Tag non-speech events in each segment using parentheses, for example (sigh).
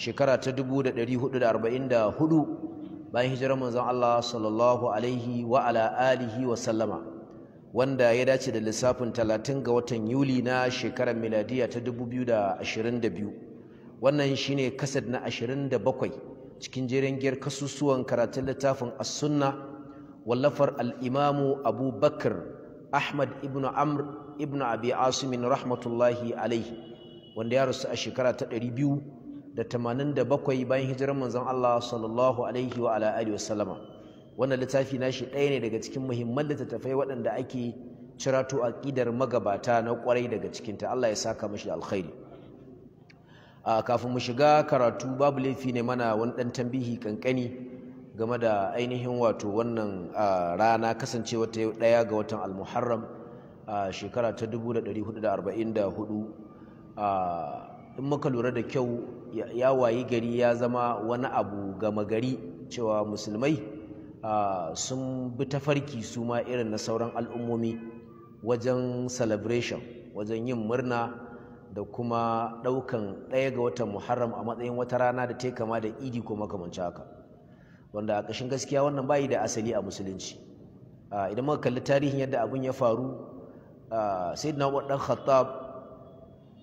shekara ta hudu. bayan hijirar manzon Allah sallallahu alaihi wa ala alihi wa sallama wanda ya dace da lissafin talatin ga watan Yuli na shekarar miladiya ta biyu. wannan shine kasad na ashirin da bakwai. cikin jerin giyar kasusuwan karatun littafin as-sunna wallafar al-imamu Abu Bakr Ahmad ibn Amr ibn Abi Asim rahmatullahi alaihi wanda ya rasu a shekara ta biyu. da tamanin da bakwai bayan hijirar manzon Allah sallallahu alaihi wa ala alihi wasallama wannan littafi nashi ɗaya ne daga cikin muhimman littattafai waɗanda ake cirato aƙidar magabata na ƙwarai daga cikin ta Allah ya saka mashi alkhairi a kafin mu shiga karatu babu laifi ne mana wani ɗan tambihi kankani game da ainihin wato wannan rana kasancewa ta ɗaya ga watan muharram a shekara ta 1444 in maka lura da kyau ya wayi gari ya zama wani abu gama gari cewa musulmai sun bi tafarki su ma irin na sauran al'ummomi wajen celebration wajen yin murna da kuma ɗaukan ɗaya ga watan muharram a matsayin wata rana da ta kama da idi ko makamanci haka wanda a ƙashin gaskiya wannan bayi da asali a musulunci idan muka kalli tarihin yadda abin ya faru sai na waɗanda khattab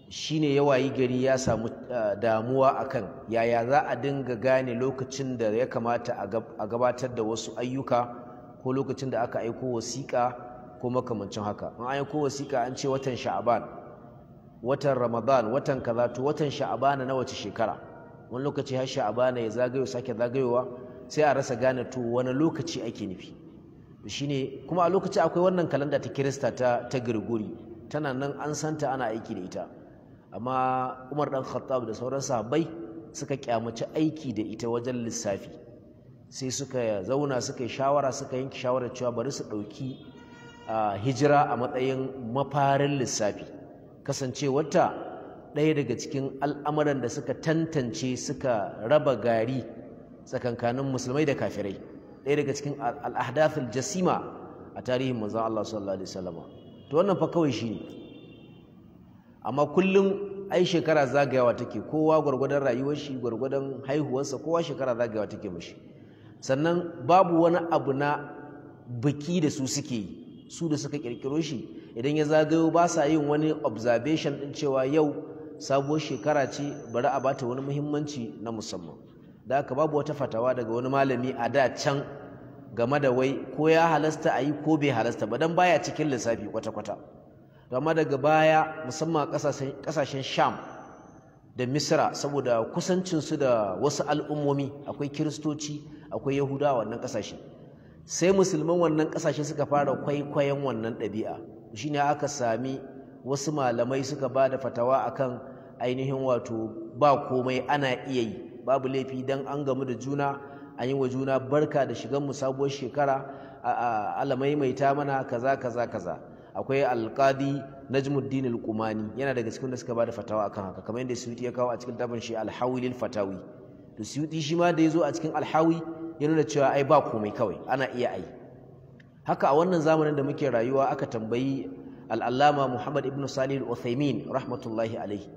shine ya wayi gari ya samu ah, damuwa akan yaya za a dinga gane lokacin da ya kamata a gabatar da wasu ayyuka ko lokacin da aka aiko wasiƙa ko makamancin haka an aiko wasiƙa an ce watan sha'aban watan ramadan watan kaza to watan sha'abana na wace shekara wani lokaci har sha'abana ya zagayo sake zagayowa sai a rasa gane to wani lokaci ake nufi shine kuma a lokaci akwai wannan kalanda ta kirista ta ta tana nan an santa ana aiki da ita amma Umar dan Khattab da sauran sahabbai suka kyamaci aiki da ita wajen lissafi sai suka zauna suka yi shawara suka yanke shawarar cewa bari su ɗauki hijira a matsayin mafarin lissafi kasancewarta ɗaya daga cikin al'amuran da suka tantance suka raba gari tsakankanin musulmai da kafirai ɗaya daga cikin al'ahdathul jasima a tarihin manzon Allah sallallahu alaihi wasallam to wannan fa kawai shine amma kullum ai shekara zagayawa take kowa gwargwadon rayuwar shi gwargwadon haihuwarsa kowa shekara zagayawa take mishi sannan babu wani abu na biki da su suke yi su da suka kirkiro shi idan ya zagayo ba sa yin wani observation din cewa yau sabuwar shekara ce bari a bata wani muhimmanci na musamman da haka babu wata fatawa daga wani malami a da can game da wai ko ya halasta a yi ko bai halasta ba Dan baya cikin lissafi kwata-kwata amma daga baya musamman kasashen sham da misra saboda kusancinsu da wasu al'ummomi akwai kiristoci akwai yahuda wannan kasashe sai musulman wannan kasashe suka fara kwaikwayon wannan ɗabi'a shine aka sami wasu malamai suka ba da fatawa akan ainihin wato ba komai ana iya yi babu laifi dan an gamu da juna an yi wa juna barka da shigan mu sabuwar shekara a alamai mai ta mana kaza kaza kaza akwai alkadi najmuddin al-qumani yana daga cikin da suka da fatawa akan haka kamar yadda suyuti ya kawo a cikin tafin shi al fatawi to suyuti shi ma da yazo a cikin al ya nuna cewa ai ba komai kawai ana iya ai haka a wannan zamanin da muke rayuwa aka tambayi al muhammad ibn salih al rahmatullahi alaihi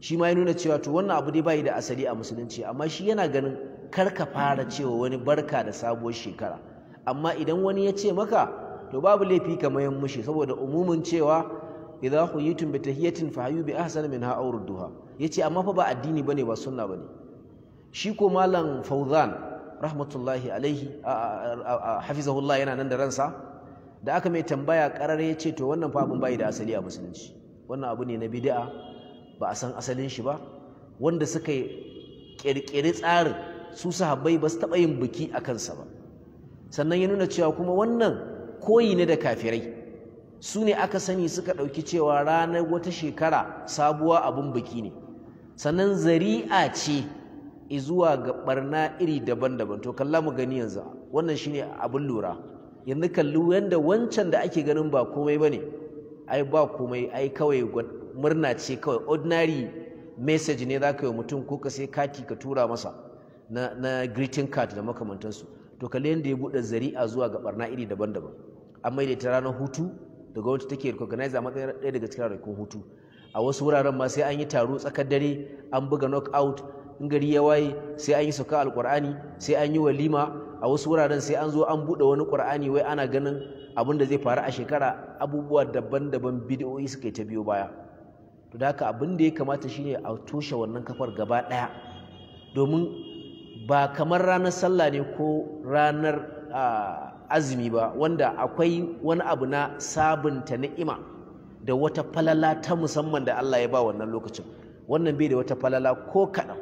shi ma ya nuna cewa to wannan abu dai bai da asali a musulunci amma shi yana ganin kar ka fara cewa wani barka da sabuwar shekara amma idan wani ya ce maka to babu laifi ka mayan mushi saboda umumin cewa idza huyitum bi tahiyatin fa hayu bi ahsani minha aw rudduha yace amma fa ba addini bane ba sunna bane shi ko malam fauzan rahmatullahi alaihi hafizahullah yana nan da ransa da aka mai tambaya karare ya ce to wannan fa abin bai da asali a musulunci wannan abu ne na bid'a ba a san asalin shi ba wanda suka kirkiri tsarin su sahabbai ba su taɓa yin biki a kansa ba sannan ya nuna cewa kuma wannan koyi ne da kafirai su ne aka sani suka ɗauki cewa ranar wata shekara sabuwa abin biki ne sannan zari'a ce zuwa ga barna iri daban-daban to kalla mu gani yanzu wannan shine abin lura yanzu kallu yanda wancan da ake ganin ba komai bane ai ba komai ai kawai murna ce kawai ordinary message ne zaka yi mutum ko ka sai kaki ka tura masa na, na greeting card da makamantansu to kalli yanda ya buɗe zari'a zuwa ga barna iri daban-daban an maida ta ranar hutu da gwamnati take recognize a matsayin ɗaya daga cikin ranakun hutu a wasu wuraren ma sai an yi taro tsakar dare an buga out in gari ya waye sai an yi sauka alƙur'ani sai an yi walima a wasu wuraren sai an zo an buɗe wani ƙur'ani wai ana ganin abin da zai faru a shekara abubuwa daban-daban bidiyoyi suka yi ta biyo baya to da haka abin da ya kamata shine a toshe wannan kafar gaba ɗaya domin ba kamar ranar sallah ne ko ranar ah, azumi ba wanda akwai wani abu na sabunta ni'ima da wata falala ta musamman da Allah ya ba wannan lokacin wannan bai da wata falala ko kaɗan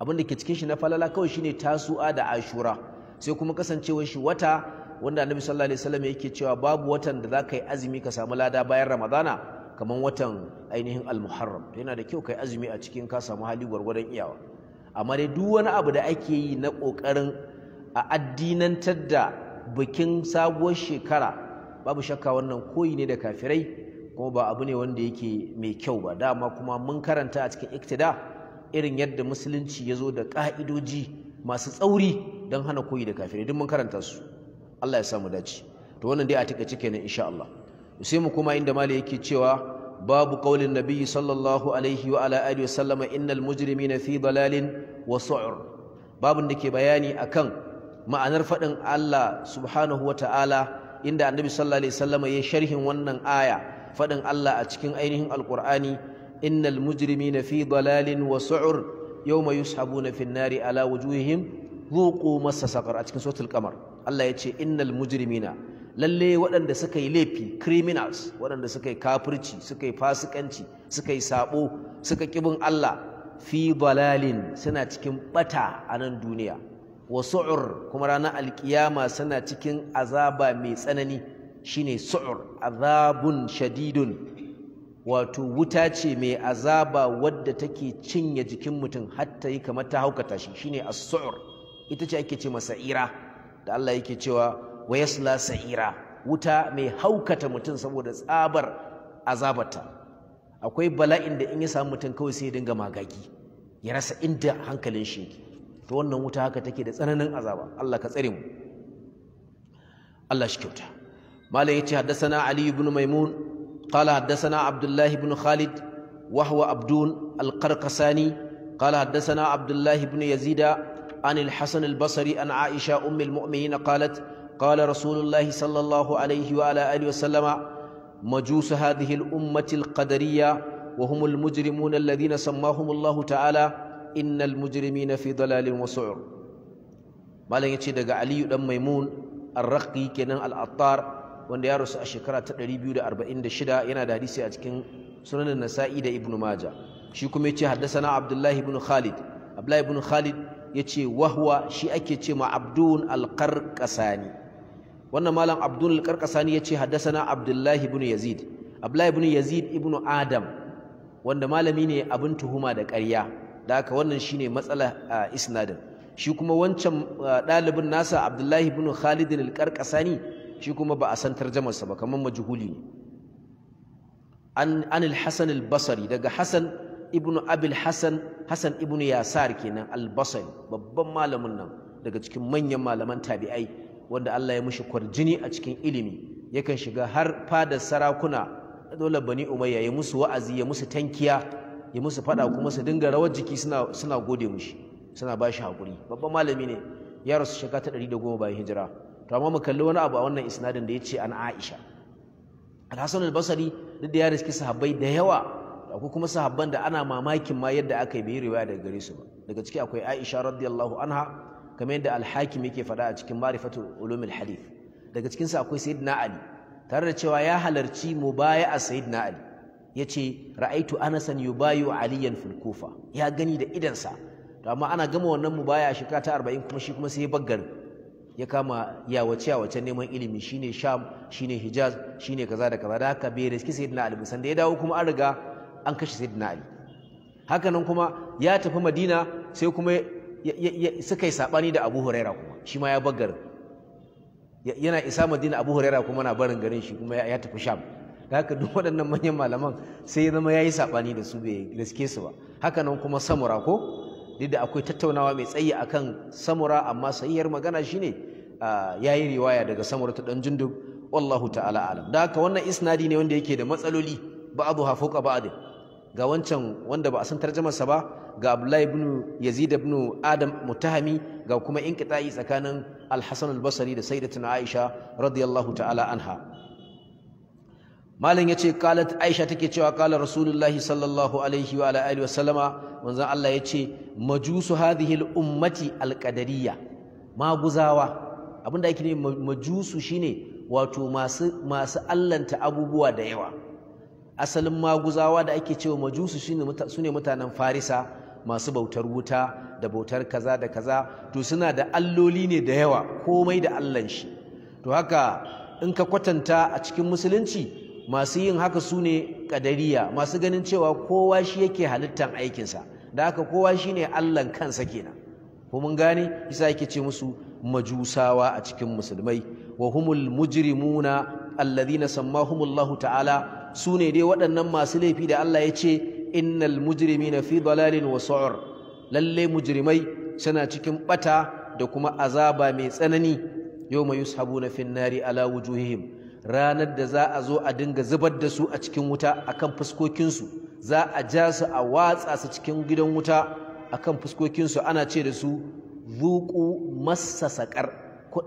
abin da ke cikin shi na falala kawai shine tasu'a da ashura sai kuma kasancewar shi wata wanda annabi sallallahu alaihi wasallam yake cewa babu watan da za ka yi azumi ka samu lada bayan ramadana kamar watan ainihin almuharram yana da kyau kai azumi a cikin ka samu hali gwargwadon iyawa amma dai duk wani abu da ake yi na ƙoƙarin a addinantar da bikin sabuwar shekara babu shakka wannan koyi ne da kafirai kuma ba abu ne wanda yake mai kyau ba dama kuma mun karanta a cikin iktida irin yadda musulunci ya zo da ƙa'idoji masu tsauri don hana koyi da kafirai duk mun karanta su Allah ya samu dace to wannan dai a cike kenan insha Allah sai mu kuma inda mali yake cewa babu باب sallallahu alaihi wa ala alihi wa sallama innal mujrimina fi dalalin wa su'ur babun dake bayani akan ma'anar faɗin Allah subhanahu wa ta'ala inda annabi sallallahu alaihi wasallam ya sharhin wannan aya faɗin Allah a cikin ainihin alqur'ani innal mujrimina fi dalalin wa su'ur yawma yushabuna fin nari ala wujuhihim dhuqu massa saqar a cikin suratul qamar Allah ya ce innal mujrimina lalle waɗanda suka yi laifi criminals waɗanda suka yi kafirci suka yi fasikanci suka yi sabo suka kibin Allah fi dalalin suna cikin bata a nan duniya wa su'ur kuma ranar alkiyama suna cikin azaba mai tsanani shine su'ur azabun shadidun wato wuta ce mai azaba wadda take cinye jikin mutum hatta yi kamar ta haukata shi shine as-su'ur ita ce ake ce masa'ira da Allah yake cewa wa yasla sa'ira wuta mai haukata mutum saboda tsabar azabata akwai bala'in da in ya samu mutum kawai sai ya dinga magagi ya rasa inda hankalin shi to wannan wuta haka take da tsananin azaba Allah ka tsare mu Allah shi kyauta malam yace haddathana ali ibn maimun qala haddathana abdullah ibn khalid wa huwa abdun al-qarqasani qala haddathana abdullah ibn yazida عن الحسن البصري عن عائشة أم المؤمنين قالت قال رسول الله صلى الله عليه وعلى آله وسلم مجوس هذه الأمة القدرية وهم المجرمون الذين سماهم الله تعالى innal mujrimina fi dalalin wa malam yace daga aliyu dan maimun ar-raqi kenan al-attar wanda ya rasu a shekara ta 246 yana da hadisi a cikin sunan nasa'i da ibnu majah shi kuma yace haddathana abdullahi ibn khalid abdullahi ibn khalid yace wahwa shi ake ce ma abdun al-qarqasani wannan malam abdun al-qarqasani yace haddathana abdullahi ibn yazid abdullahi ibn yazid ibn adam wanda malami ne abin tuhuma da ƙarya da haka wannan shine matsala a isnadin shi kuma wancan ɗalibin nasa abdullahi ibn khalid al-qarqasani shi kuma ba a san tarjamarsa ba kamar majhuli ne an anil hasan al-basri daga hasan ibn abil hasan hasan ibn yasar kenan al-basri babban malamin nan daga cikin manyan malaman tabi'ai wanda Allah ya mushi kwarjini a cikin ilimi yakan shiga har fadar sarakuna dole bani umayya ya musu wa'azi ya musu tankiya ya musu faɗa kuma su dinga rawar jiki suna gode mushi suna bashi hakuri. babban malami ne ya rasu shekara ta ɗari da goma bayan hijira to amma mu kalli wani abu a wannan isnadin da ya ce an aisha alhassan basari duk da ya riski sahabbai da yawa akwai kuma sahabban da ana mamakin ma yadda aka yi bai riwaya daga gare su ba daga ciki akwai aisha radiyallahu anha kamar yadda alhakim yake faɗa a cikin marifatu ulumul hadith daga cikinsa akwai sayyidina ali tare da cewa ya halarci mubaya'a sayyidina ali Ya ce ra'aitu anasan yubayu aliyan fil kufa ya gani da idansa to amma ana gama wannan mubaya shekara ta 40 kuma shi kuma sai ya baggar ya kama ya yawace yawace neman ilimi shine sham shine hijaz shine kaza da kaza da haka bai riski sayyidina ali musan da ya dawo kuma an riga an kashe sayyidina ali nan kuma ya tafi madina sai kuma suka yi saɓani da abu huraira kuma shi ma ya baggar yana isa madina abu huraira kuma na barin garin shi kuma ya tafi sham da haka duk waɗannan manyan malaman sai ya zama ya yi saɓani da su bai gaske su ba haka nan kuma samura ko duk da akwai tattaunawa mai tsayi a kan samura amma sahihiyar magana shine ya yi riwaya daga samura ta ɗan jundub wallahu ta'ala alam da haka wannan isnadi ne wanda yake da matsaloli ba'adu ha ba ga wancan wanda ba a san tarjamarsa ba ga Abdullahi ibn Yazid ibn Adam mutahami ga kuma inqita'i tsakanin Al-Hasan al-Basri da Sayyidatuna Aisha radiyallahu ta'ala anha malam ce, kalat aisha take cewa kala rasulullahi sallallahu alaihi wa ala alihi sallama manzon Allah ya ce. majusu hadhihi al ummati al qadariyya maguzawa abinda yake ne majusu shine wato masu masu allanta abubuwa da yawa asalin maguzawa da ake cewa majusu shine sune mutanen farisa masu bautar wuta da bautar kaza da kaza to suna da alloli ne da yawa komai da allan shi to haka in ka kwatanta a cikin musulunci masu yin haka su ne ƙadariya masu ganin cewa kowa shi yake halittar aikinsa da haka kowa shi ne allan kansa kenan ko mun gane isa yake ce musu majusawa a cikin musulmai wa humul mujrimuna alladhina sammahumullahu ta'ala su ne dai waɗannan masu laifi da Allah ya ce innal mujrimina fi dalalin wa su'ur lalle mujrimai suna cikin bata da kuma azaba mai tsanani yau yawma yushabuna fin nari ala wujuhihim ranar da za a zo a dinga zubar da su a cikin wuta akan fuskokinsu za a ja su a watsa su cikin gidan wuta akan fuskokinsu ana ce da su zuƙu masa saƙar ku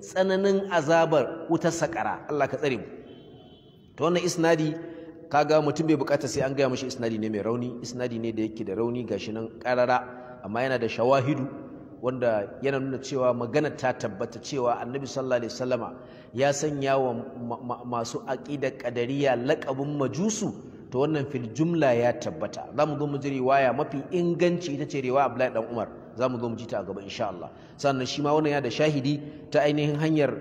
tsananin azabar wutar saƙara Allah ka tsare mu ta wannan isnadi kaga mutum bai bukata sai an gaya mashi isnadi ne mai rauni isnadi ne da yake da rauni gashi nan ƙarara amma yana da shawahidu wanda yana nuna cewa magana ta tabbata cewa annabi sallallahu alaihi wasallama ya sanya wa masu aqida ƙadariya laqabin majusu to wannan fil jumla ya tabbata zamu zo mu ji riwaya mafi inganci ita ce riwaya Abdullahi dan Umar zamu zo mu ji ta a gaba insha Allah sannan shi ma wannan ya da shahidi ta ainihin hanyar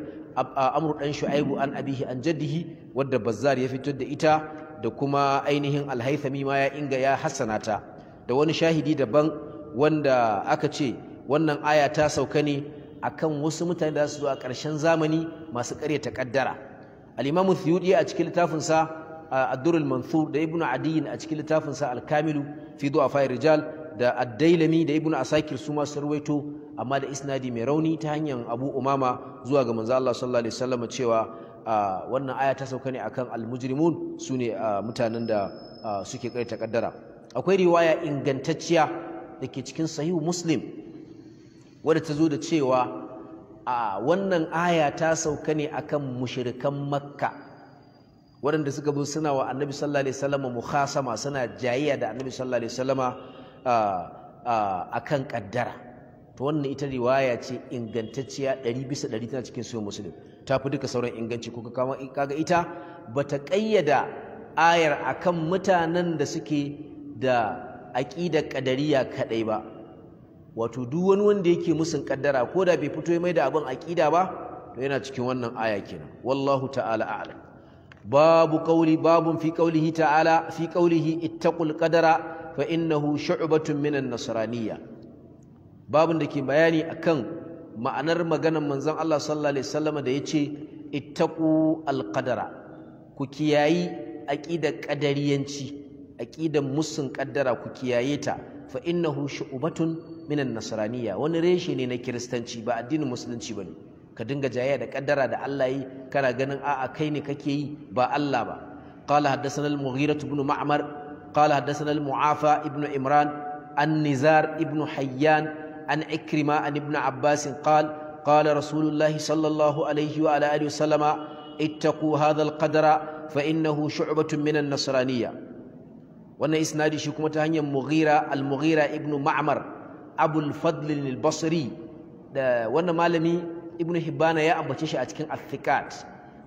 amru dan shu'aibu an abihi an jaddihi wadda bazzar ya fitar da ita da kuma ainihin alhaithami ma ya inga ya hasanata da wani shahidi daban wanda aka ce wannan aya ta sauka ne akan wasu mutane da su zo a ƙarshen zamani masu karya ƙaddara al-imamu thiyudi a cikin littafin sa ad-durrul manthur da ibnu adiyin a cikin littafin sa al-kamilu fi du'afa rijal da ad-dailami da ibnu asakir su ma sun ruwaito amma da isnadi mai rauni ta hanyar abu umama zuwa ga manzo Allah sallallahu alaihi wasallam cewa wannan aya ta sauka ne akan al-mujrimun sune mutanen da suke ƙaryata ƙaddara akwai riwaya ingantacciya da ke cikin sahihu muslim wadda ta zo da cewa a wannan aya ta sauka ne akan mushirikan makka waɗanda suka bi suna wa annabi sallallahu alaihi wasallam mukhasama suna jayayya da annabi sallallahu alaihi a akan kaddara to wannan ita riwaya ce ingantacciya 100 bisa 100 tana cikin sahih muslim ta fi duka sauran inganci ko kama kaga ita bata kayyada ayar akan mutanen da suke da aqidar kadariya kadai ba wato duk wani wanda yake musun kaddara ko da bai fito mai da abin aqida ba to yana cikin wannan aya kenan wallahu ta'ala a'lam babu qauli babun fi qaulihi ta'ala fi qaulihi ittaqul qadara fa innahu shu'batun minan nasraniyya babun da ke bayani akan ma'anar maganar manzon Allah sallallahu alaihi wasallam da yace ittaqu alqadara ku kiyayi aqidar qadariyanci aqidar musun kaddara ku kiyaye ta fa innahu shu'batun minan nasraniyya wani reshe na kiristanci ba addinin musulunci bane ka dinga jayayya da kaddara da Allah yi kana ganin a'a kai ne kake yi ba Allah ba qala haddathana al-mughirah ibn ma'mar qala haddathana al-mu'afa Ibnu imran Annizar Ibnu ibn hayyan an ikrima an ibn abbas qala قال رسول الله صلى الله عليه وعلى آله وسلم اتقوا هذا القدر فإنه شعبة من النصرانية wannan isnadi shi kuma ta hanyar mughira al-mughira ibnu ma'mar abul fadl al-basri da wannan malami ibnu hibbana ya ambace shi a cikin athikat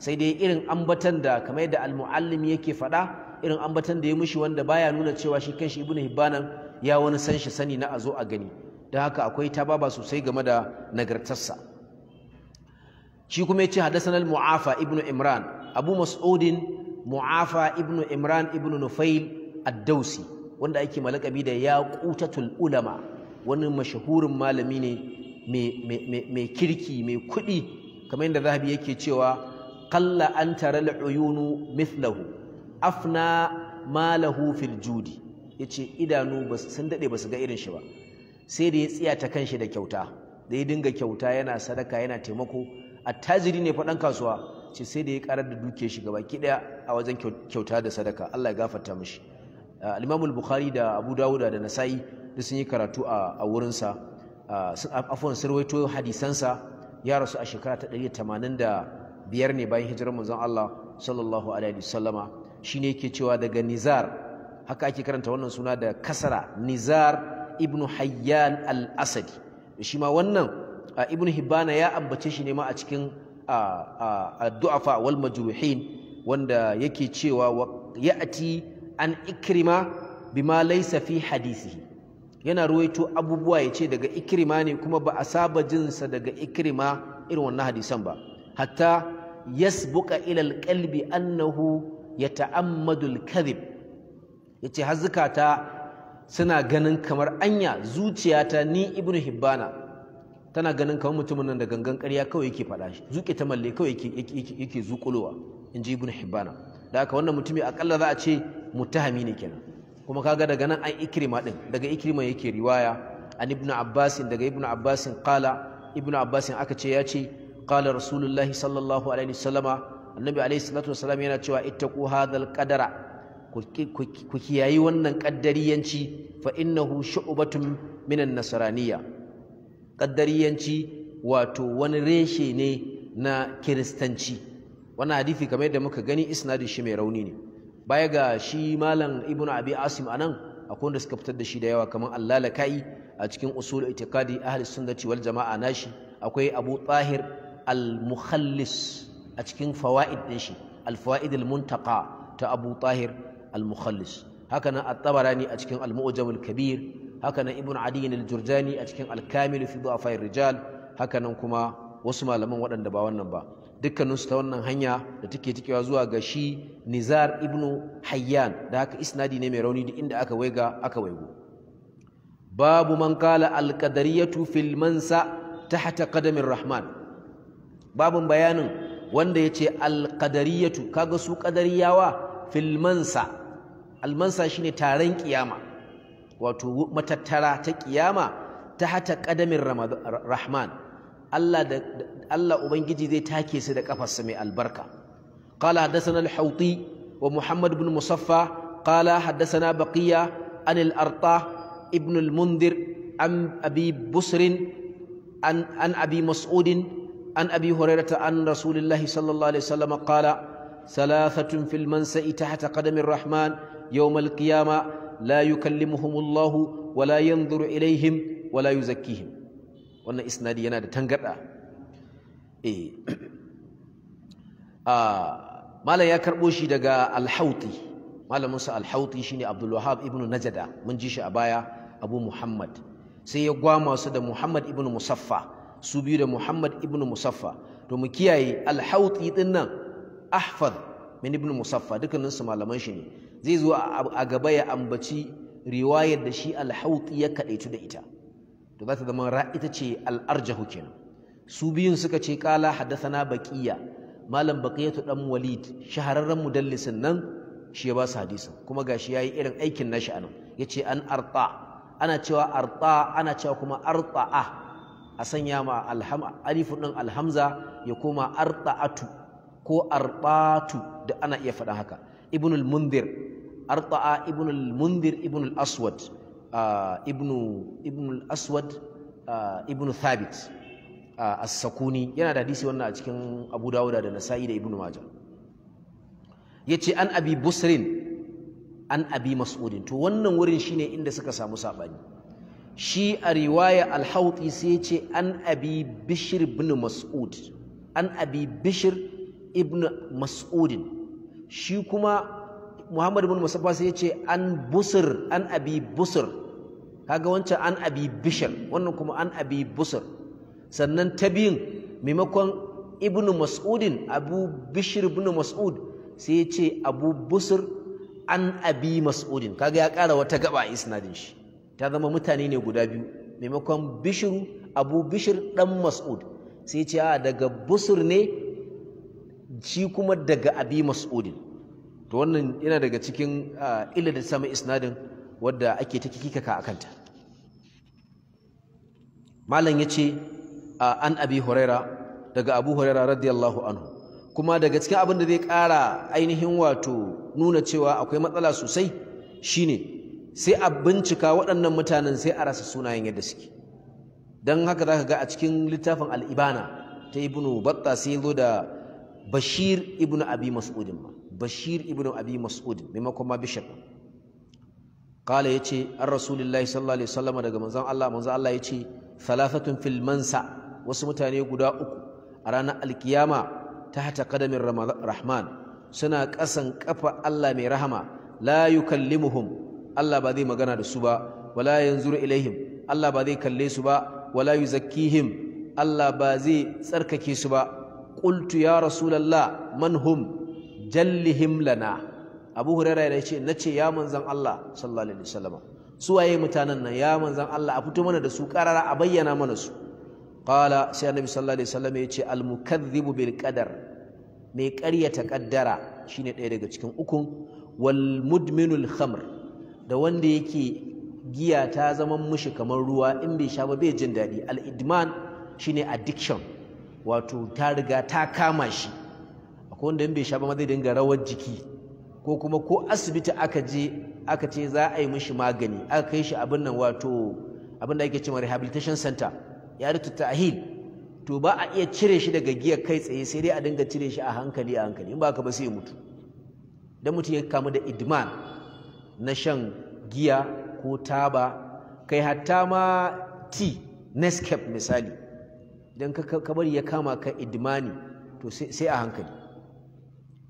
sai dai irin ambatan da kamar yadda al-muallim yake faɗa irin ambatan da ya mushi wanda baya nuna cewa shi kanshi ibnu hibbana ya wani san shi sani na azo a gani don haka akwai tababa sosai game da nagartarsa shi kuma yace hadathana al-mu'afa ibnu imran abu mas'udin mu'afa ibnu imran ibnu nufail addausi wanda ake malakabi da yaqutatul ulama wani mashahurin malami ne mai kirki mai kuɗi kamar yadda zahabi yake cewa kalla an taral uyunu mithlahu afna malahu fil judi yace idanu sun dade ba su ga irin shi ba sai da ya tsiya ta kanshi da kyauta da ya dinga kyauta yana sadaka yana taimako attajiri ne faɗan kasuwa ce sai da ya karar da duke shi gaba ki daya a wajen kyauta da sadaka Allah ya gafarta mashi. Uh, al-Imam al-Bukhari da Abu Dawud da Nasa'i duk sun yi karatu a wurin sa uh, afwan sarwaito hadisan sa ya rasu a shekara ta 185 ne bayan hijirar manzon Allah sallallahu alaihi wasallama shine yake cewa daga Nizar haka ake karanta wannan suna da kasara Nizar ibn Hayyan al-Asadi shi ma wannan uh, ibn Hibbana ya ambace shi ne ma a cikin du'afa wal majruhin wanda yake cewa ya'ti an ikrima bima laysa fi hadisihi yana ruwaito abubuwa ya ce daga ikrima ne kuma ba a saba jinsa daga ikrima irin wannan hadisan ba hatta yasbuka ila alqalbi annahu yata'ammadu alkadhib yace hazukata suna ganin kamar anya zuciyata ni ibnu hibbana tana ganin kamar mutumin nan da gangan karya kawai yake faɗa shi zuke ta malle kawai yake zuƙulowa in ji ibnu hibbana da haka wannan mutumi akalla za a ce muttahami ne kenan kuma kaga daga nan an ikrima din daga ikrima yake riwaya an ibn abbas daga ibn abbas qala ibn abbas aka ce ya ce qala rasulullah sallallahu alaihi wasallama annabi alaihi salatu wasallam yana cewa ittaqu hadhal qadara ku kiyayi wannan qaddariyanci fa innahu shu'batun minan nasraniyya qaddariyanci wato wani reshe ne na kiristanci wannan hadisi kamar yadda muka gani isnadin shi mai rauni ne baya ga shi malam ibn abi asim anan akwai wanda suka fitar da shi da yawa kamar allalaka'i a cikin usul itiqadi ahli sunnati wal jama'a nashi akwai abu tahir al-mukhallis a cikin fawaid din shi al-fawaid al-muntaqa ta abu tahir al-mukhallis haka nan at-tabarani a cikin al-mu'jam al-kabir haka nan ibn adi al-jurjani a cikin al-kamil fi du'afa rijal haka nan kuma wasu malaman waɗanda ba wannan ba dukkaninsu ta wannan hanya da take tikewa zuwa ga shi nizar ibnu hayyan da haka isnadi ne mai rauni duk inda aka waiga aka waigo babu man kala alqadariyatu fil mansa tahta qadamir rahman babun bayanin wanda yace alqadariyatu kaga su qadariyawa fil mansa al mansa shine taron kiyama wato matattara ta kiyama tahta qadamir rahman Allah da Allah ubangiji zai take su da kafarsa mai albarka qala hadathana al-hawti wa muhammad ibn musaffa qala hadathana baqiya an al-arta ibn al-mundhir an abi busr an an abi mas'ud an abi hurairah an rasulillahi sallallahu alaihi wasallam qala ثلاثة في المنسأ تحت قدم الرحمن يوم القيامة لا يكلمهم الله ولا ينظر إليهم ولا يزكيهم وأن إسنادي ينادى تنقرأ Eh. Ah, malam ya karɓo shi daga alhauti malamin sa alhauti shine abdul wahab Ibn najada mun ji shi a baya abu muhammad sai ya gwama masu da muhammad Ibn musaffa su biyu da muhammad Ibn musaffa to mu kiyaye alhauti din nan Ahfad min ibn musaffa dukkanin malaman shi ne zai zo a gaba ya ambaci riwayar da shi alhauti ya kadaitu da ita to za ta zama ra'ita ce al-arjahu kenan su biyun suka ce kala haddathana baqiya malam baqiyatu dan walid shahararren mudallisin nan shi ya ba su hadisin kuma gashi yayi irin aikin nashi anan yace an arta ana cewa arta ana cewa kuma arta'a a sanya ma alham alifu din alhamza ya koma arta'atu ko arbatu da ana iya faɗa haka ibnul mundir arta'a ibnul aswad ibnu aswad ibnu thabit as-sakuni yana da hadisi wannan a cikin Abu Dawud da Nasa'i da Ibn Majah yace an abi busrin an abi mas'udin to wannan wurin shine inda suka samu sabani shi a riwaya al-Hawti sai yace an abi Bishr ibn Mas'ud an abi Bishr ibn Mas'udin shi kuma Muhammad ibn Musaffa sai yace an Busr an abi Busr kaga wancan an abi Bishr wannan kuma an abi Busr sannan ta biyun maimakon ibnu mas'udin abu bishir ibnu mas'ud sai ya ce abu busur an abi mas'udin kaga ya kara wata gaba a isnadin shi ta zama mutane ne guda biyu maimakon bishiru abu bishir dan mas'ud sai ya ce a daga busur ne shi kuma daga abi mas'udin to wannan yana daga cikin illa da sami isnadin wadda ake ta kikika a kanta malam ya ce an abi huraira daga abu huraira radiyallahu anhu kuma daga cikin abin da zai ƙara ainihin wato nuna cewa akwai matsala sosai shine sai a bincika waɗannan mutanen sai a rasa sunayen yadda suke don haka za ka ga a cikin littafin al'ibana ta ibnu batta sai zo da bashir ibnu abi mas'udin ma bashir ibnu abi mas'udin maimakon ma bishop قال يتي الرسول الله صلى الله عليه وسلم daga manzan Allah Manzan Allah yace salafatun filmansa wasu mutane guda uku a ranar alkiyama ta hata kadamin rahman suna ƙasan ƙafa Allah mai rahama la yukallimuhum Allah ba zai magana da su ba wala yanzuru ilaihim Allah ba zai kalle su ba wala yuzakkihim Allah ba zai tsarkake su ba qultu ya rasulullah man hum jallihim lana Abu Hurairah ya ce nace ya manzon Allah sallallahu alaihi wasallam su waye mutanen nan ya manzon Allah a fito mana da su karara a bayyana mana su qala sai annabi sallallahu alaihi wasallam ya ce al mukaththibu bil qadar mai ƙaryata kaddara shine ɗaya daga cikin ukun wal mudminul khamr da wanda yake giya ta zama mushi kamar ruwa in bai sha ba bai jin daɗi al idman shine addiction wato ta riga ta kama shi akwai wanda in bai sha ba ma zai dinga rawar jiki ko kuma ko asibiti aka je aka ce za a yi mushi magani aka kai shi abin nan wato abin da ake cewa rehabilitation center Ya yaritu ta'hil to ba a iya cire shi daga giyar kai tsaye sai dai a dinga cire shi a hankali a hankali in ba ka ba sai mutu dan mutum ya kamu da idman na shan giya ko taba kai hatta ma ti nescape misali dan ka bari ya kama ka idmani to sai a hankali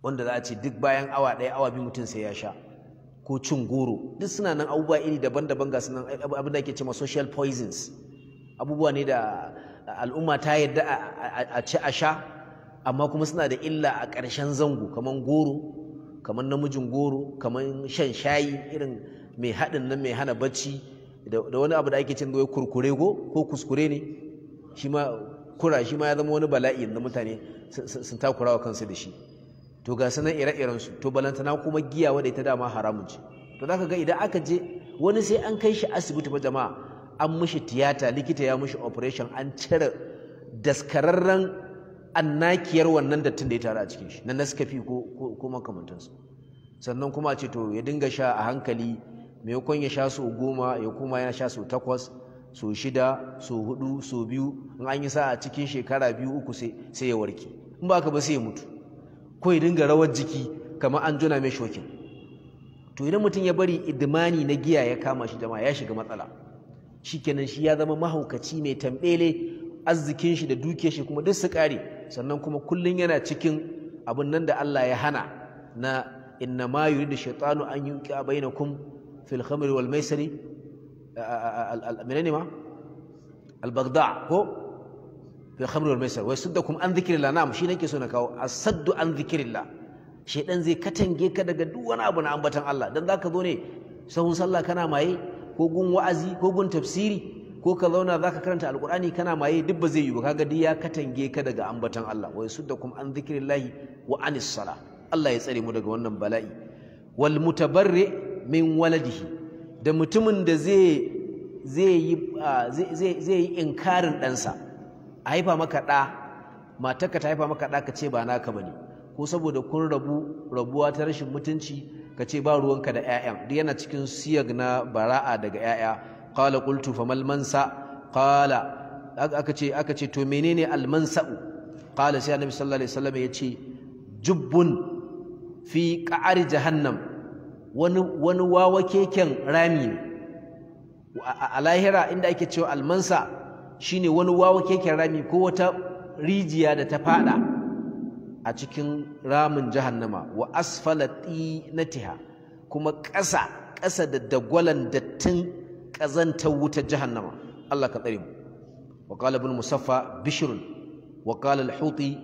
wanda za a ce duk bayan awa ɗaya awa biyu mutum sai ya sha ko cin goro duk suna nan abubuwa iri daban-daban ga sunan abin da ake cewa social poisons abubuwa ne da al'umma ta yadda a ci a sha amma kuma suna da illa a ƙarshen zango kamar goro kaman namijin goro kaman shan shayi irin mai haɗin nan mai hana bacci da wani abu da ake cin goyi kurkure ko kuskure ne shi ma kura shi ma ya zama wani bala'i da mutane sun wa kansu da shi to ga sanan ire-iren su to balantana kuma giya wadda ita dama haramun ce to zaka ga idan aka je wani sai an kai shi asibiti ba jama'a an mushi tiyata likita ya mushi operation an cire daskararren annakiyar wannan dattin da ya tara a cikin shi na naskafi ko makamantansu sannan kuma a ce to ya dinga sha a hankali maimakon ya sha sau goma ya kuma ya sha sau takwas sau shida sau hudu sau biyu in an yi sa a cikin shekara biyu uku sai ya warke in ba ka ba sai ya mutu ko ya dinga rawar jiki kamar an jona mai shokin to idan mutum ya bari idimani na giya ya kama shi jama'a ya shiga matsala shikenan shi ya zama mahaukaci mai tambele arzikin shi da duke shi kuma duk su kare sannan kuma kullun yana cikin abin nan da Allah ya hana na inna ma yuridu shaytanu an yuqa bainakum fil khamri wal maisri menene ma al bagda ko fil khamri wal maisri wa yasuddakum an dhikrillah na'am shi nake so na kawo asaddu an dhikrillah shedan zai katange ka daga duk wani abu na ambatan Allah dan zaka zo ne sahun sallah kana maye ko gun wa'azi ko gun tafsiri ko ka zauna zaka karanta alqur'ani kana maye duk ba zai yi ba kaga duk ya katange ka daga ambaton Allah wa kuma an dhikrillahi wa anis sala Allah ya tsare mu daga wannan bala'i wal mutabarri min waladihi da mutumin da zai yi zai zai inkarin ɗansa a haifa maka ɗa matakata ta haifa maka ɗa ka ce ba naka bane ko saboda kun rabu rabuwa ta rashin mutunci ka ce ba ruwanka da 'ya'yan duk yana cikin siyag na bara'a daga 'ya'ya qala qultu famal mansa qala aka ce aka ce to menene almansa'u qala sai annabi sallallahu alaihi wasallam ya ce jubbun fi qa'ar jahannam wani wani wawa keken rami a lahira inda ake cewa almansa shine wani wawa keken rami ko wata rijiya da ta fada a cikin ramin jahannama wa asfala tinatiha kuma ƙasa ƙasa da dagwalan dattin ƙazantar wutar jahannama Allah ka tsare mu wa qala ibn musaffa bishrun wa qala al-huti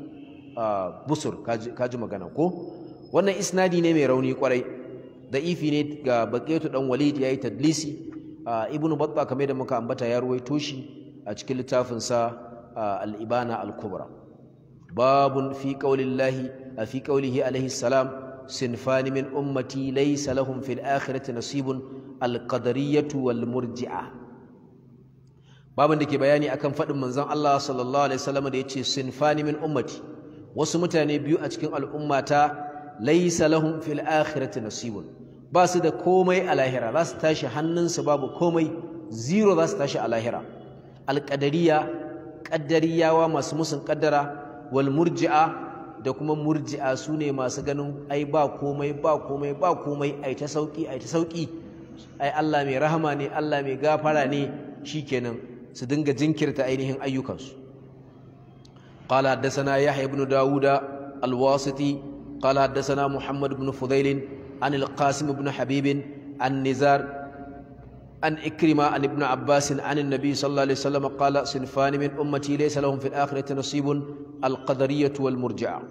ah, busur kaji magana ko wannan isnadi ne mai rauni kwarai da ifi ne ga baqiyatu dan walid yayi tadlisi ah, ibnu batta kamar da muka ambata ya ruwaito shi a cikin littafin sa ah, al-ibana al-kubra babun fi qaulillahi fi qaulihi alaihi salam sinfani min ummati laysa lahum fil akhirati nasibun alqadariyatu wal murji'a babun dake bayani akan fadin manzon Allah sallallahu alaihi wasallam da yace sinfani min ummati wasu mutane biyu a cikin al'ummata laysa lahum fil akhirati nasibun ba su da komai a lahira za su tashi hannunsu babu komai ziro za su tashi a lahira alqadariya qaddariyawa masu musun ƙaddara. wal murji'a da kuma murji'a su ne masu ganin ai ba komai ba komai ba komai ai ta sauki ai ta sauki ai Allah mai rahama ne Allah mai gafara ne shikenan su dinga jinkirta ainihin ayyukansu قال حدثنا يحيى بن داود الواسطي قال حدثنا محمد بن فضيل عن القاسم بن حبيب عن نزار عن إكرمة عن ابن عباس عن النبي صلى الله عليه وسلم قال صنفان من أمتي ليس لهم في الآخرة نصيب القدرية والمرجعة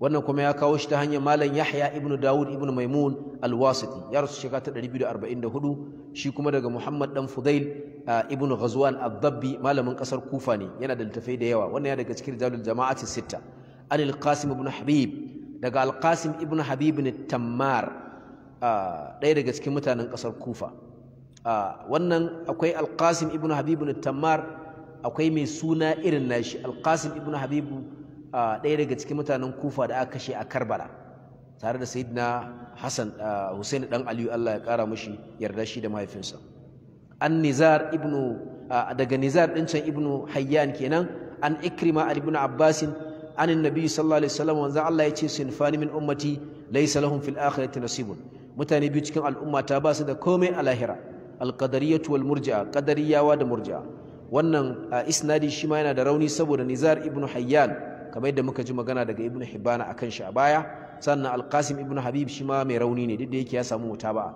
wannan kuma ya kawo shi ta hanyar malam Yahya ibn Dawud ibn Maimun al-Wasiti ya rasu shekara ta 244 shi kuma daga Muhammad dan Fudail ibn Ghazwan ad-Dabbi malamin kasar Kufa ne yana da littafai da yawa wannan ya daga cikin rijalul jama'ati sitta an al-Qasim ibn Habib daga al-Qasim ibn Habib ne Tammar ɗaya da cikin mutanen kasar Kufa wannan akwai alqasim ibnu habib tammar akwai mai suna irin nashi alqasim ibnu Habibu ɗaya daga cikin mutanen kufa da aka kashe a karbala tare da sayyidina Hassan husaini dan aliyu Allah ya kara mushi yarda shi da mahaifinsa an nizar ibnu daga nizar ɗin can ibnu hayyan kenan an ikrima ibnu abbasin عن النبي صلى الله عليه وسلم وان الله يتي سنفان من امتي ليس لهم في الاخره نصيب mutane biyu cikin al'umma ta basu da komai a lahira alƙadariyatu wal murji'a ƙadariyawa da murji'a wannan a isnadi shi ma yana da rauni saboda nizar ibnu hayyan kamar yadda muka ji magana daga ibnu hibana akan shi a baya sannan alqasim ibnu habib shi ma mai rauni ne duk da yake ya samu ba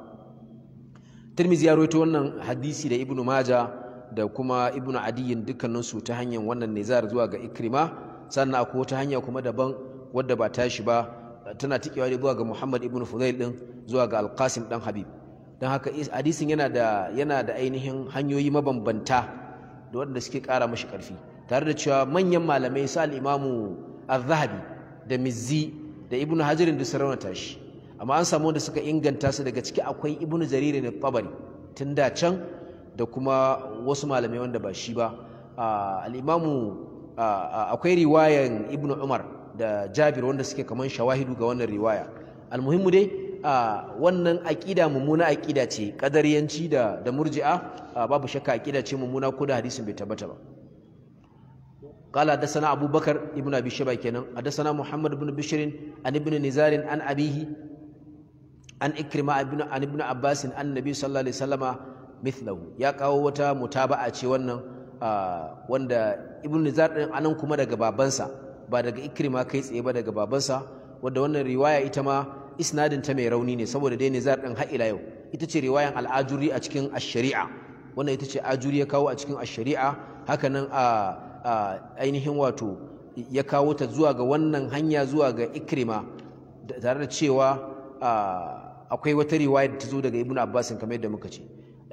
tirmizi ya rawaito wannan hadisi da ibnu maja da kuma ibnu adiyin dukkanin su ta hanyar wannan nizar zuwa ga ikrima sannan akwai wata hanya kuma daban wadda ba tashi ba tana tikewa zuwa ga muhammad ibnu fudail din zuwa ga alqasim dan habib don haka hadisin yana da yana da ainihin hanyoyi mabambanta da waɗanda suke ƙara mashi ƙarfi tare da cewa manyan malamai su al-imamu zahabi da mizzi da ibnu hajarin da sarauna tashi. amma an samu wanda suka inganta su daga ciki akwai ibnu jariri da tabari tun da can da kuma wasu malamai wanda ba shi ba al'imamu akwai riwayan ibnu umar da jabir wanda suke kamar shawahidu ga wannan riwaya almuhimmu dai a wannan aƙida mummuna aƙida ce ƙadariyanci yanci da murji'a babu shakka aƙida ce mummuna ko da hadisin bai tabbata ba qala da sana abubakar ibnu abi shiba kenan da sana muhammad ibnu bishrin an ibnu nizarin an abihi an ikrima an ibnu abbasin an nabi sallallahu alaihi wasallama mithlahu ya kawo wata mutaba'a ce wannan wanda Ibn nizar din kuma daga babansa ba daga ikrima kai tsaye ba daga babansa wanda wannan riwaya ita ma isnadin ta mai rauni ne saboda dai ne za din har ila yau ita ce riwayan al'ajuri a cikin ashari'a. wannan ita ce ajuri ya kawo a cikin ashari'a. sharia haka nan a ainihin wato ya kawo ta zuwa ga wannan hanya zuwa ga ikrima tare da cewa akwai wata riwaya da ta zo daga ibnu abbas kamar yadda muka ce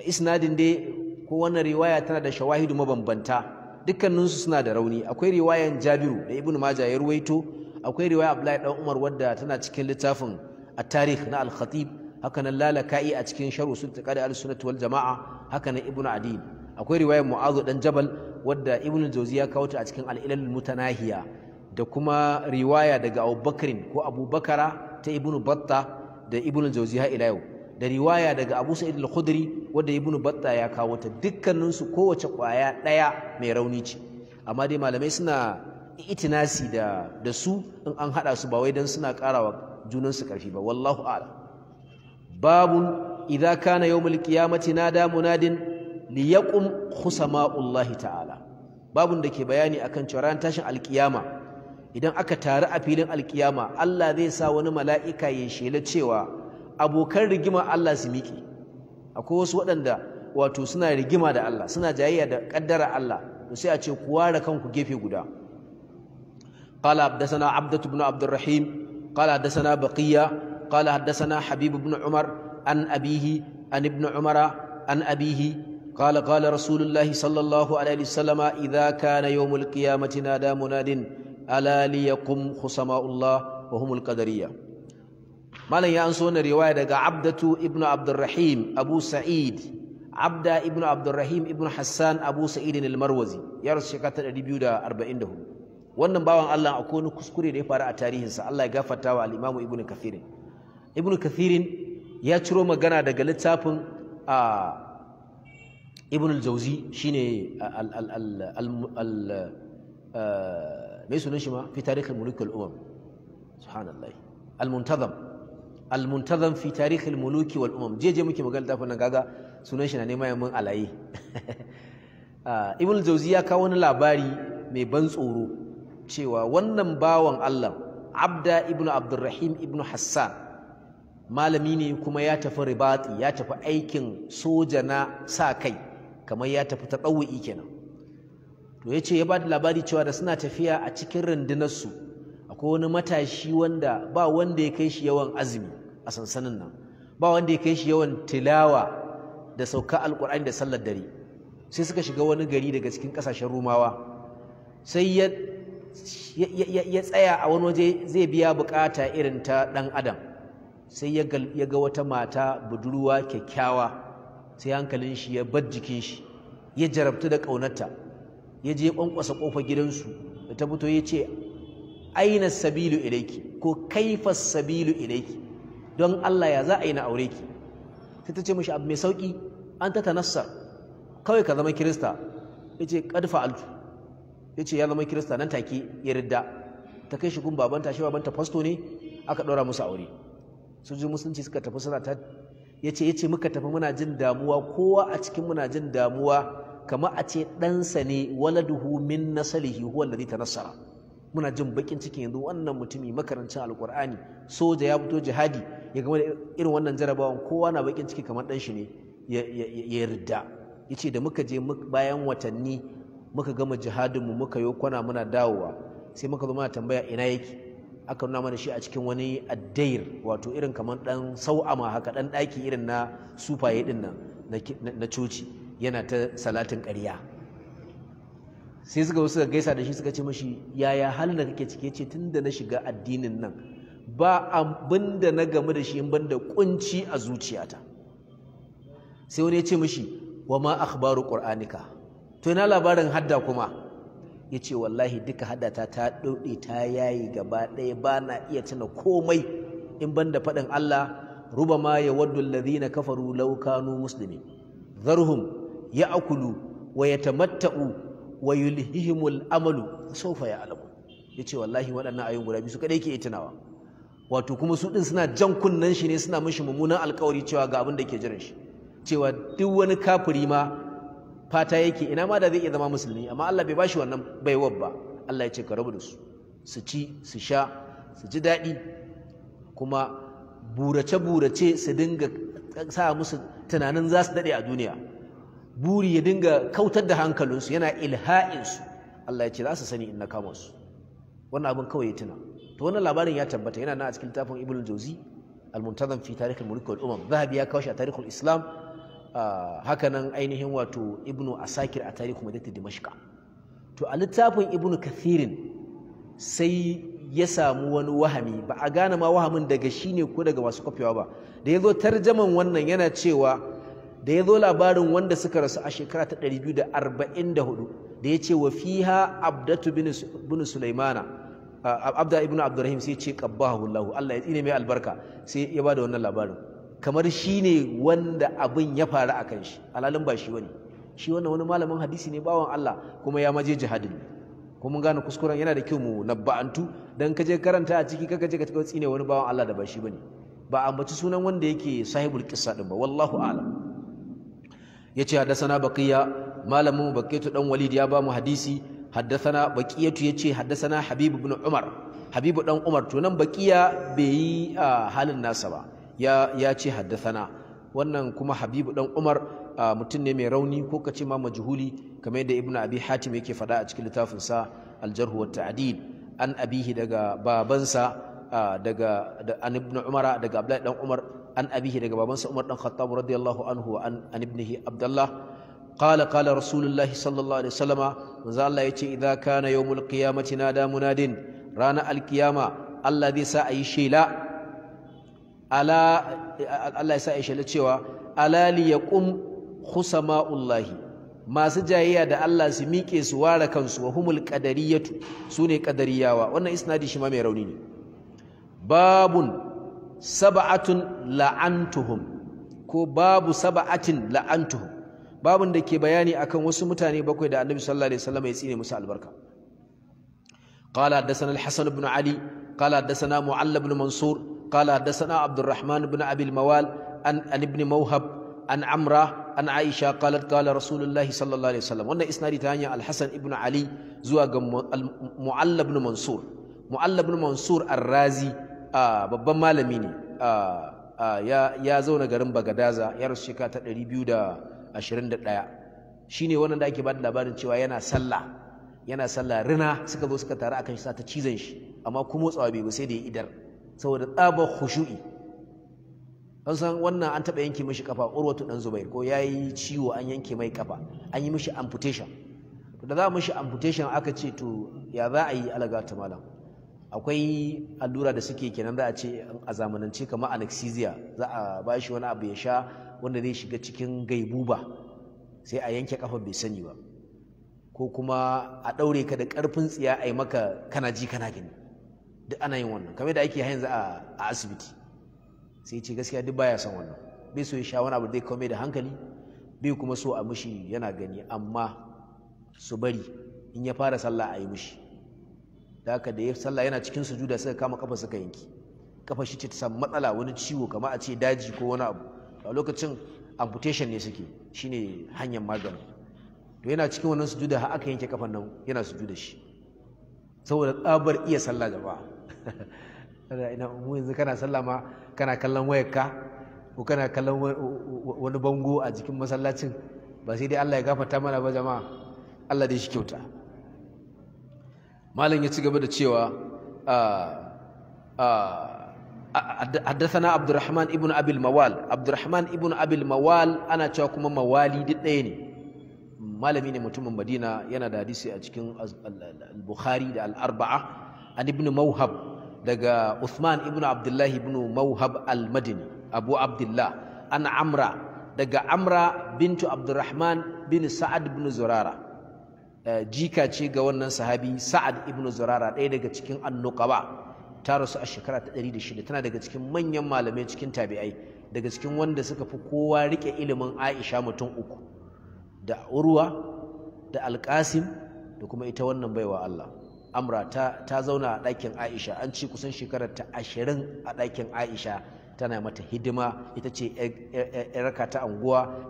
isnadin dai ko wannan riwaya tana da shawahidu mabambanta dukkaninsu suna da rauni akwai riwayan jabiru da ibnu Maja ya ruwaito akwai riwaya Abdullahi dan Umar wadda tana cikin littafin a tarikh na al-khatib haka nan lalaka'i a cikin sharh usul taqadi al-sunnah wal jama'a hakanan nan ibnu adi akwai riwayar mu'azu dan jabal wadda ibnu jawzi ya kawo a cikin al-ilal mutanahiya da kuma riwaya daga abubakrin ko abubakara ta ibnu batta da ibnu jawzi ha yau da riwaya daga Abu Sa'id al-Khudri wanda Ibn Battah ya kawo ta kowace kwaya ɗaya mai rauni ce amma dai malamai suna itinasi da da su in an haɗa su ba wai dan suna karawa junansu ƙarfi ba wallahu ala. babun idza kana yawmul qiyamati nada munadin liyaqum khusama'ullahi ta'ala babun da ke bayani akan cewa ran tashin alkiyama idan aka taru a filin alkiyama Allah zai sa wani mala'ika ya shela cewa abokan rigima Allah su miƙe akwai wasu waɗanda wato suna rigima da Allah suna jayayya da ƙaddara Allah to sai a ce ku ware kanku gefe guda qala abdasana abdatu abdurrahim قال حدثنا بقية قال حدثنا حبيب بن عمر عن أبيه عن ابن عمر عن أبيه قال قال رسول الله صلى الله عليه وسلم إذا كان يوم القيامة نادى مناد ألا ليقم خصماء الله وهم القدرية ما لن ينسون رواية عبدة ابن عبد الرحيم أبو سعيد عبدة ابن عبد الرحيم ابن حسان أبو سعيد المروزي يرسل شكاة الأدبيو دا أربعين دهم wannan bawan Allah akwai wani kuskure da ya faru a tarihinsa Allah ya gafarta wa al Ibn Kathir Ibn ya ciro magana daga littafin a Ibn al shine al mai sunan shi tarihin al-umam subhanallah al-muntazam al fi tarihin muluki wal umam je muke magana littafin nan sunan shi na nema ya mun alaye (laughs) Ibn al ya kawo wani labari mai ban tsoro cewa wannan bawan Allah Abda ibnu Abdurrahim ibnu Hassan malami ne kuma ya tafi ribati ya tafi aikin soja na sa kai kamar ya tafi ta ɗau'i kenan to ya ce ya ba da labari cewa da suna tafiya a cikin rundunarsu akwai wani matashi wanda ba wanda ya kai shi yawan azumi a sansanin nan ba wanda ya kai shi yawan tilawa da sauka alkur'ani da sallar dare sai suka shiga wani gari daga cikin ƙasashen rumawa sai ya ya tsaya a wani waje zai biya bukata irin ta ɗan adam sai ya ga wata mata budurwa kyakkyawa sai hankalin shi ya bar jikin shi ya jarabtu da ƙaunarta ya je ƙwanƙwasa ƙofar gidansu da ta fito ya ce aina sabilu ilaiki ko kaifa sabilu ilaiki don Allah ya za a yi na aure ki sai ta ce mashi abu mai sauƙi an ta kawai ka zama kirista ya ce ƙadfa altu ya ce ya zama kirista nan take ya ridda ta kai shi gun babanta shi babanta fasto ne aka ɗora musu aure su ji musulunci suka tafi suna ta ya ce ya ce muka tafi muna jin damuwa kowa a cikin muna jin damuwa kama a ce ɗansa ne waladuhu min nasalihi huwa alladhi tanassara muna jin bakin ciki yanzu wannan mutumi makarancin alkur'ani soja ya fito jihadi ya gama irin wannan jarabawan kowa na bakin ciki kamar ɗan shi ne ya yarda ya ce da muka je bayan watanni muka gama jihadinmu muka yi kwana muna dawowa sai muka zo mana tambaya ina yake aka nuna mana shi a cikin wani addair wato irin kamar dan sau'ama haka dan daki irin na sufaye din nan na coci yana ta salatin karya. sai suka suka gaisa da shi suka ce mashi yaya halin da kake cike ce tun na shiga addinin nan ba abin da na gamu da shi in ban kunci a zuciyata sai wani ya ce mashi wa ma akhbaru qur'anika to ina labarin hadda kuma ya ce wallahi duka haddata ta ta ɗauɗe ta yayi gaba ɗaya ba na iya tuna komai in ban da faɗin Allah ruba ma ya alladhina kafaru law kanu muslimin dharhum ya'kulu wa yatamatta'u wa yulhihimul amalu sawfa ya'lamu yace wallahi waɗannan ayoyin guda biyu su kadai ke tunawa wato kuma su din suna jan kunnan shi ne suna mishi mummunan alƙawari cewa ga abin da ke jiran shi cewa duk wani kafiri ma fata yake ina ma da zai iya zama musulmi amma Allah bai bashi wannan baiwar ba Allah ya ce ka rabu da su su ci su sha su ji daɗi kuma burace-burace su dinga sa musu tunanin za su daɗe a duniya buri ya dinga kautar da hankalinsu yana ilha'insu Allah ya ce za su sani in na kama su wannan abin kawai ya tuna to wannan labarin ya tabbata yana nan a cikin littafin ibn jauzi al-muntazam fi tarikh al-mulk wal umam zahabi ya kawo shi a tarikh al-islam Ah, hakanan ainihin wato ibnu asakir a tarihi kuma dattin dimashka to a littafin ibnu kathirin sai ya samu wani wahami ba a gane ma wahamin daga shi ne ko daga masu kwafewa ba da ya zo tarjaman wannan yana cewa da ya zo labarin wanda suka rasu a shekara ta 244 da ya ce wa fiha abdatu bin sulaimana ah, abda ibn abdurrahim sai ce qabbahu allah ya tsine mai albarka sai ya ba da wannan labarin kamar shi ne wanda abin ya faru a kan shi Al'alin ba shi wani shi wannan wani malamin hadisi ne bawan Allah kuma ya maje jihadin kuma mun gane kuskuren yana da kyau mu nabba'antu dan kaje karanta a ciki kaka je ka tsika tsine wani bawan Allah da ba shi bane ba ambaci sunan wanda yake sahibul qissa din ba wallahu a'lam yace haddathana baqiya malamin baqiyatu dan walid ya ba mu hadisi haddathana baqiyatu yace haddathana habib ibn umar habibu dan umar to nan baqiya bai yi ah, halin nasa ba ya ya ce haddathana wannan kuma habibu dan umar mutum ne mai rauni ko ka ce ma majhuli kamar yadda ibnu abi hatim yake faɗa a cikin littafin sa al wa ta'dil an abihi daga babansa daga an ibnu umar daga abdullahi dan umar an abihi daga babansa umar dan khattab radiyallahu anhu wa an an ibnihi abdullah qala قال رسول الله صلى الله عليه وسلم manzo Allah yace idza kana yawmul qiyamati nada munadin rana alqiyama Allah zai sa ayi shela ala Allah ya sa Aisha la cewa ala li yaqum khusama'ullahi masu jayayya da Allah su miƙe su ware kansu wa humul qadariyatu sune qadariyawa wannan isnadi shi ma mai rauni ne babun sab'atun la'antuhum ko babu sab'atin la'antuhum babun da ke bayani akan wasu mutane bakwai da Annabi sallallahu alaihi wasallam ya tsine musu albarka qala hadathana hasan ibn ali qala hadathana mu'alla mansur قال حدثنا عبد الرحمن بن ابي الموال عن عن ابن موهب عن عمره عن عائشه قالت قال رسول الله صلى الله عليه وسلم وانا اسناد ثاني الحسن ابن علي زوا معل بن منصور babban malami ne آه آه يا يا زونا garin bagadaza ya rusu shekara ta 221 shine wannan da ake ba da labarin cewa yana sallah yana sallah rina suka zo suka tare akan shi sa ta cizon shi amma kuma tsawabe ba sai da idar saboda tsabar khushu'i an san wannan an taɓa yanke mishi kafa urwatu dan zubair ko yayi ciwo an yanke mai kafa an yi mishi amputation to da za mu mishi amputation aka ce to ya za a yi alaga malam akwai allura da suke kenan za a ce a zamanance kamar anesthesia za a ba shi wani abu ya sha wanda zai shiga cikin gaibuba sai a yanke kafa bai sani ba ko kuma a daure ka da karfin tsiya a yi maka kana ji kana gani duk ana yin wannan kamar da ake yanzu a asibiti sai ce gaskiya duk baya son wannan bai so ya sha wani abu da kome da hankali bai kuma so a mushi yana gani amma su bari in ya fara sallah a yi mushi da haka da ya sallah yana cikin sujuda suka kama kafa suka yanki kafa shi ce ta samu matsala wani ciwo kamar a ce daji ko wani abu a lokacin amputation ne suke shine hanyar magani to yana cikin wannan sujuda har aka yanke kafan nan yana sujuda shi saboda tsabar iya sallah jama'a mu yanzu kana sallama kana kallon wayarka ko kana kallon wani bango a jikin masallacin ba sai dai Allah ya gafarta mana ba jama'a Allah dai shi kyauta malam ya ci gaba da cewa حدثنا عبد الرحمن Ibn ابي الموال عبد الرحمن ابن ابي الموال cewa kuma mawali duk ɗaya ne malami ne mutumin Madina yana da hadisi a cikin al-Bukhari da al-Arba'a an ibn mauhab daga Uthman ibn Abdullahi ibn Mauhab al-Madini Abu Abdullah an Amra daga Amra bintu Abdurrahman bin Sa'ad ibn Zurara jika ce ga wannan sahabi Sa'ad ibn Zurara ɗaya daga cikin annuqaba ta rasu a shekara ta ɗari shida, tana daga cikin manyan malamai cikin tabi'ai daga cikin wanda suka fi kowa rike ilimin Aisha mutum uku da Urwa da Alƙasim da kuma ita wannan baiwa Allah amra ta, ta zauna a ɗakin aisha an ci kusan shekarar ta ashirin a ɗakin aisha tana mata hidima ita ce 'yar raka ta anguwa